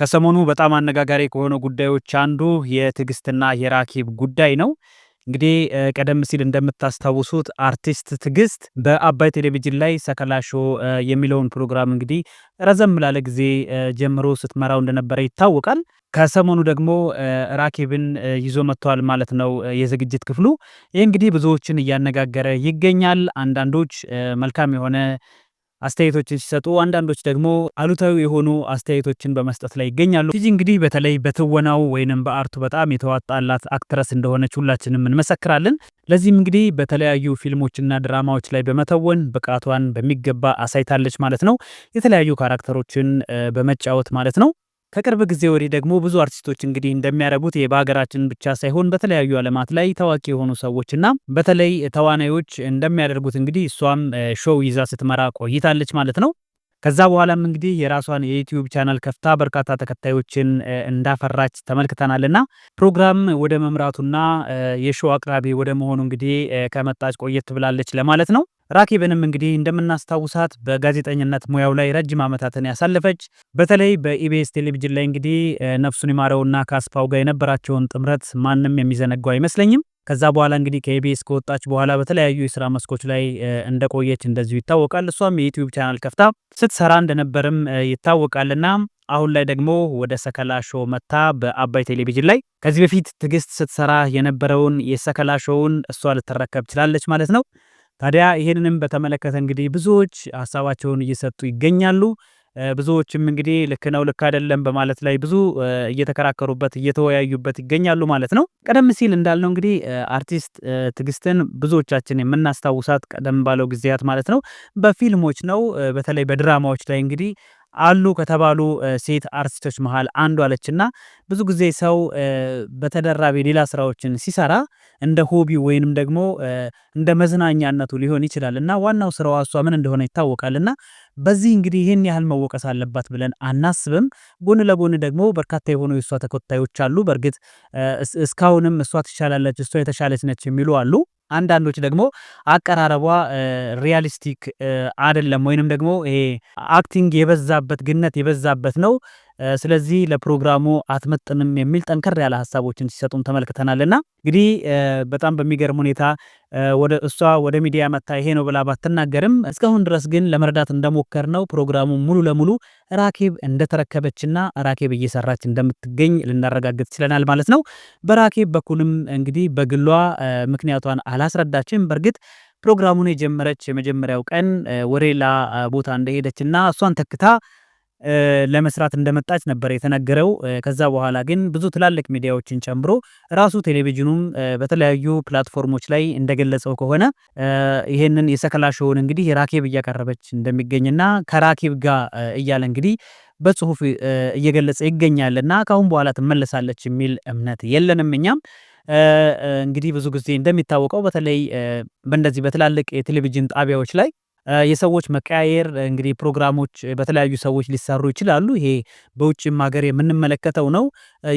ከሰሞኑ በጣም አነጋጋሪ ከሆኑ ጉዳዮች አንዱ የትዕግስትና የራኪብ ጉዳይ ነው። እንግዲህ ቀደም ሲል እንደምታስታውሱት አርቲስት ትዕግስት በአባይ ቴሌቪዥን ላይ ሰከላሾ የሚለውን ፕሮግራም እንግዲህ ረዘም ላለ ጊዜ ጀምሮ ስትመራው እንደነበረ ይታወቃል። ከሰሞኑ ደግሞ ራኪብን ይዞ መጥተዋል ማለት ነው የዝግጅት ክፍሉ። ይህ እንግዲህ ብዙዎችን እያነጋገረ ይገኛል። አንዳንዶች መልካም የሆነ አስተያየቶችን ሲሰጡ፣ አንዳንዶች ደግሞ አሉታዊ የሆኑ አስተያየቶችን በመስጠት ላይ ይገኛሉ። ቲጂ እንግዲህ በተለይ በትወናው ወይንም በአርቱ በጣም የተዋጣላት አክትረስ እንደሆነች ሁላችንም እንመሰክራለን። ለዚህም እንግዲህ በተለያዩ ፊልሞችና ድራማዎች ላይ በመተወን ብቃቷን በሚገባ አሳይታለች ማለት ነው። የተለያዩ ካራክተሮችን በመጫወት ማለት ነው። ከቅርብ ጊዜ ወዲህ ደግሞ ብዙ አርቲስቶች እንግዲህ እንደሚያደርጉት በሀገራችን ብቻ ሳይሆን በተለያዩ ዓለማት ላይ ታዋቂ የሆኑ ሰዎችና በተለይ ተዋናዮች እንደሚያደርጉት እንግዲህ እሷም ሾው ይዛ ስትመራ ቆይታለች ማለት ነው። ከዛ በኋላም እንግዲህ የራሷን የዩቲዩብ ቻናል ከፍታ በርካታ ተከታዮችን እንዳፈራች ተመልክተናልና ፕሮግራም ወደ መምራቱና የሾው አቅራቢ ወደ መሆኑ እንግዲህ ከመጣች ቆየት ብላለች ለማለት ነው። ራኪብንም እንግዲህ እንደምናስታውሳት በጋዜጠኝነት ሙያው ላይ ረጅም ዓመታትን ያሳለፈች በተለይ በኢቢኤስ ቴሌቪዥን ላይ እንግዲህ ነፍሱን ይማረውና ከአስፋው ጋር የነበራቸውን ጥምረት ማንም የሚዘነገው አይመስለኝም። ከዛ በኋላ እንግዲህ ከኢቢኤስ ከወጣች በኋላ በተለያዩ የስራ መስኮች ላይ እንደቆየች እንደዚሁ ይታወቃል። እሷም የዩትዩብ ቻናል ከፍታ ስትሰራ እንደነበርም ይታወቃልና አሁን ላይ ደግሞ ወደ ሰከላ ሾው መታ በአባይ ቴሌቪዥን ላይ ከዚህ በፊት ትግስት ስትሰራ የነበረውን የሰከላ ሾውን እሷ ልትረከብ ችላለች ማለት ነው። ታዲያ ይሄንንም በተመለከተ እንግዲህ ብዙዎች ሀሳባቸውን እየሰጡ ይገኛሉ። ብዙዎችም እንግዲህ ልክ ነው፣ ልክ አይደለም በማለት ላይ ብዙ እየተከራከሩበት እየተወያዩበት ይገኛሉ ማለት ነው። ቀደም ሲል እንዳልነው እንግዲህ አርቲስት ትግስትን ብዙዎቻችን የምናስታውሳት ቀደም ባለው ጊዜያት ማለት ነው በፊልሞች ነው፣ በተለይ በድራማዎች ላይ እንግዲህ አሉ ከተባሉ ሴት አርቲስቶች መሀል አንዷ አለች ብዙ ጊዜ ሰው በተደራቢ ሌላ ስራዎችን ሲሰራ እንደ ሆቢ ወይንም ደግሞ እንደ መዝናኛነቱ ሊሆን ይችላል እና ዋናው ስራዋ እሷ ምን እንደሆነ ይታወቃል እና በዚህ እንግዲህ ይህን ያህል መወቀስ አለባት ብለን አናስብም። ጎን ለጎን ደግሞ በርካታ የሆኑ የእሷ ተከታዮች አሉ። በእርግጥ እስካሁንም እሷ ትሻላለች፣ እሷ የተሻለች ነች የሚሉ አሉ። አንዳንዶች ደግሞ አቀራረቧ ሪያሊስቲክ አይደለም ወይንም ደግሞ ይሄ አክቲንግ የበዛበት ግነት የበዛበት ነው። ስለዚህ ለፕሮግራሙ አትመጥንም የሚል ጠንከር ያለ ሀሳቦችን ሲሰጡም ተመልክተናል። እንግዲህ በጣም በሚገርም ሁኔታ ወደ እሷ ወደ ሚዲያ መታ ይሄ ነው ብላ ባትናገርም እስካሁን ድረስ ግን ለመረዳት እንደሞከር ነው ፕሮግራሙ ሙሉ ለሙሉ ራኬብ እንደተረከበችና ራኬብ እየሰራች እንደምትገኝ ልናረጋግጥ ችለናል ማለት ነው። በራኬብ በኩልም እንግዲህ በግሏ ምክንያቷን አላስረዳችም። በእርግጥ ፕሮግራሙን የጀመረች የመጀመሪያው ቀን ወደ ሌላ ቦታ እንደሄደችና እሷን ተክታ ለመስራት እንደመጣች ነበር የተነገረው። ከዛ በኋላ ግን ብዙ ትላልቅ ሚዲያዎችን ጨምሮ ራሱ ቴሌቪዥኑም በተለያዩ ፕላትፎርሞች ላይ እንደገለጸው ከሆነ ይሄንን የሰከላ ሾውን እንግዲህ ራኬብ እያቀረበች እንደሚገኝና ከራኬብ ጋር እያለ እንግዲህ በጽሁፍ እየገለጸ ይገኛል። እና ከአሁን በኋላ ትመለሳለች የሚል እምነት የለንም እኛም እንግዲህ ብዙ ጊዜ እንደሚታወቀው በተለይ በእንደዚህ በትላልቅ የቴሌቪዥን ጣቢያዎች ላይ የሰዎች መቀያየር እንግዲህ ፕሮግራሞች በተለያዩ ሰዎች ሊሰሩ ይችላሉ። ይሄ በውጭም ሀገር የምንመለከተው ነው።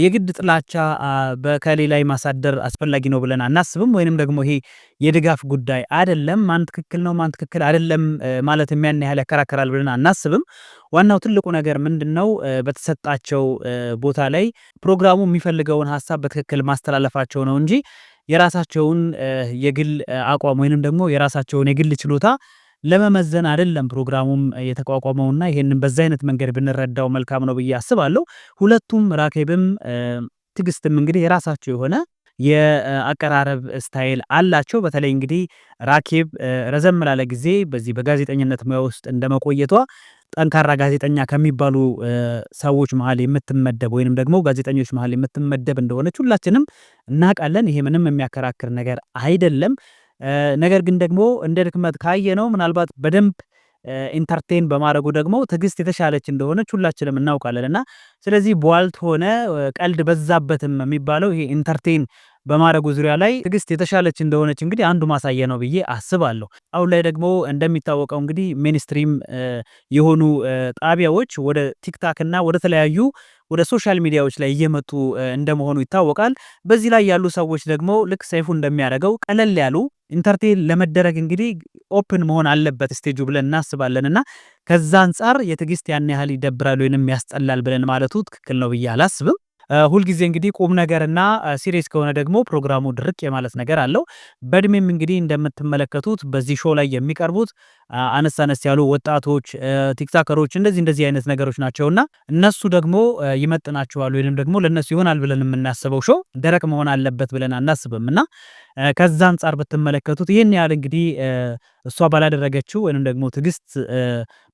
የግድ ጥላቻ በከሌ ላይ ማሳደር አስፈላጊ ነው ብለን አናስብም። ወይንም ደግሞ ይሄ የድጋፍ ጉዳይ አይደለም። ማን ትክክል ነው ማን ትክክል አይደለም ማለት የሚያን ያህል ያከራከራል ብለን አናስብም። ዋናው ትልቁ ነገር ምንድን ነው? በተሰጣቸው ቦታ ላይ ፕሮግራሙ የሚፈልገውን ሀሳብ በትክክል ማስተላለፋቸው ነው እንጂ የራሳቸውን የግል አቋም ወይንም ደግሞ የራሳቸውን የግል ችሎታ ለመመዘን አይደለም ፕሮግራሙም የተቋቋመውና ይሄንን በዛ አይነት መንገድ ብንረዳው መልካም ነው ብዬ አስባለሁ። ሁለቱም ራኬብም ትዕግስትም እንግዲህ የራሳቸው የሆነ የአቀራረብ ስታይል አላቸው። በተለይ እንግዲህ ራኬብ ረዘም ላለ ጊዜ በዚህ በጋዜጠኝነት ሙያ ውስጥ እንደመቆየቷ ጠንካራ ጋዜጠኛ ከሚባሉ ሰዎች መሀል የምትመደብ ወይንም ደግሞ ጋዜጠኞች መሀል የምትመደብ እንደሆነች ሁላችንም እናውቃለን። ይሄ ምንም የሚያከራክር ነገር አይደለም። ነገር ግን ደግሞ እንደ ድክመት ካየ ነው ምናልባት በደንብ ኢንተርቴን በማድረጉ ደግሞ ትዕግስት የተሻለች እንደሆነች ሁላችንም እናውቃለን። እና ስለዚህ ቧልት ሆነ ቀልድ በዛበትም የሚባለው ይሄ ኢንተርቴን በማድረጉ ዙሪያ ላይ ትዕግስት የተሻለች እንደሆነች እንግዲህ አንዱ ማሳያ ነው ብዬ አስባለሁ። አሁን ላይ ደግሞ እንደሚታወቀው እንግዲህ ሜንስትሪም የሆኑ ጣቢያዎች ወደ ቲክታክ እና ወደ ተለያዩ ወደ ሶሻል ሚዲያዎች ላይ እየመጡ እንደመሆኑ ይታወቃል። በዚህ ላይ ያሉ ሰዎች ደግሞ ልክ ሰይፉ እንደሚያደርገው ቀለል ያሉ ኢንተርቴን ለመደረግ እንግዲህ ኦፕን መሆን አለበት ስቴጁ ብለን እናስባለን እና ከዛ አንጻር የትዕግስት ያን ያህል ይደብራል ወይንም ያስጠላል ብለን ማለቱ ትክክል ነው ብዬ አላስብም። ሁልጊዜ እንግዲህ ቁም ነገርና ሲሪየስ ከሆነ ደግሞ ፕሮግራሙ ድርቅ የማለት ነገር አለው። በእድሜም እንግዲህ እንደምትመለከቱት በዚህ ሾው ላይ የሚቀርቡት አነስ አነስ ያሉ ወጣቶች ቲክታከሮች፣ እንደዚህ እንደዚህ አይነት ነገሮች ናቸውና እነሱ ደግሞ ይመጥናቸዋል ወይም ደግሞ ለእነሱ ይሆናል ብለን የምናስበው ሾው ደረቅ መሆን አለበት ብለን አናስብም እና ከዛ አንጻር ብትመለከቱት ይህን ያህል እንግዲህ እሷ ባላደረገችው ወይም ደግሞ ትግስት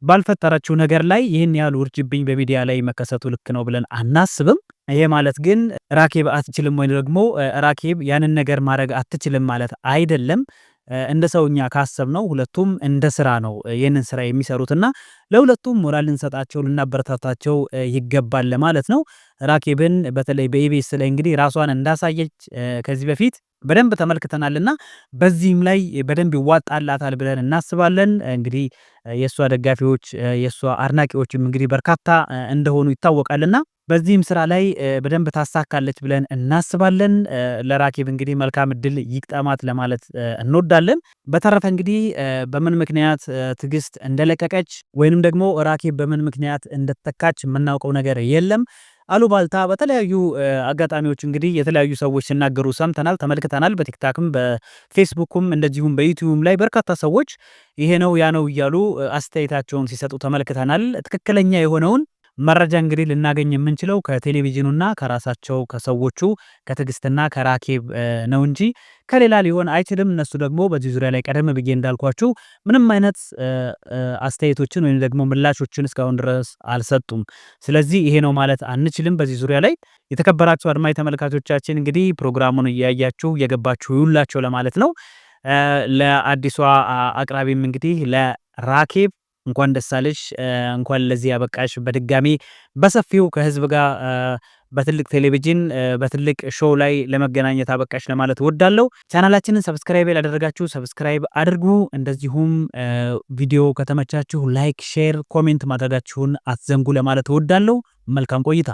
ባልፈጠረችው ነገር ላይ ይህን ያህል ውርጅብኝ በሚዲያ ላይ መከሰቱ ልክ ነው ብለን አናስብም። ይሄ ማለት ግን ራኬብ አትችልም ወይም ደግሞ ራኬብ ያንን ነገር ማድረግ አትችልም ማለት አይደለም። እንደ ሰውኛ ካሰብ ነው ሁለቱም እንደ ስራ ነው ይህንን ስራ የሚሰሩትና ለሁለቱም ሞራል ልንሰጣቸው ልናበረታታቸው ይገባል ለማለት ነው። ራኬብን በተለይ በኢቢኤስ ላይ እንግዲህ ራሷን እንዳሳየች ከዚህ በፊት በደንብ ተመልክተናልና በዚህም ላይ በደንብ ይዋጣላታል ብለን እናስባለን። እንግዲህ የእሷ ደጋፊዎች የእሷ አድናቂዎችም እንግዲህ በርካታ እንደሆኑ ይታወቃልና በዚህም ስራ ላይ በደንብ ታሳካለች ብለን እናስባለን። ለራኬብ እንግዲህ መልካም እድል ይቅጠማት ለማለት እንወዳለን። በተረፈ እንግዲህ በምን ምክንያት ትግስት እንደለቀቀች ወይም ወይንም ደግሞ ራኬብ በምን ምክንያት እንደተተካች የምናውቀው ነገር የለም። አሉባልታ በተለያዩ አጋጣሚዎች እንግዲህ የተለያዩ ሰዎች ሲናገሩ ሰምተናል፣ ተመልክተናል። በቲክታክም በፌስቡክም እንደዚሁም በዩቲዩብም ላይ በርካታ ሰዎች ይሄ ነው ያ ነው እያሉ አስተያየታቸውን ሲሰጡ ተመልክተናል። ትክክለኛ የሆነውን መረጃ እንግዲህ ልናገኝ የምንችለው ከቴሌቪዥኑና ከራሳቸው ከሰዎቹ ከትዕግስትና ከራኬብ ነው እንጂ ከሌላ ሊሆን አይችልም። እነሱ ደግሞ በዚህ ዙሪያ ላይ ቀደም ብዬ እንዳልኳችሁ ምንም አይነት አስተያየቶችን ወይም ደግሞ ምላሾችን እስካሁን ድረስ አልሰጡም። ስለዚህ ይሄ ነው ማለት አንችልም በዚህ ዙሪያ ላይ። የተከበራችሁ አድማጭ ተመልካቾቻችን እንግዲህ ፕሮግራሙን እያያችሁ እየገባችሁ ይውላቸው ለማለት ነው። ለአዲሷ አቅራቢም እንግዲህ ለራኬብ እንኳን ደሳለሽ እንኳን ለዚህ ያበቃሽ። በድጋሚ በሰፊው ከህዝብ ጋር በትልቅ ቴሌቪዥን በትልቅ ሾው ላይ ለመገናኘት አበቃሽ ለማለት ወዳለው። ቻናላችንን ሰብስክራይብ ያላደረጋችሁ ሰብስክራይብ አድርጉ። እንደዚሁም ቪዲዮ ከተመቻችሁ ላይክ፣ ሼር፣ ኮሜንት ማድረጋችሁን አትዘንጉ ለማለት ወዳለው። መልካም ቆይታ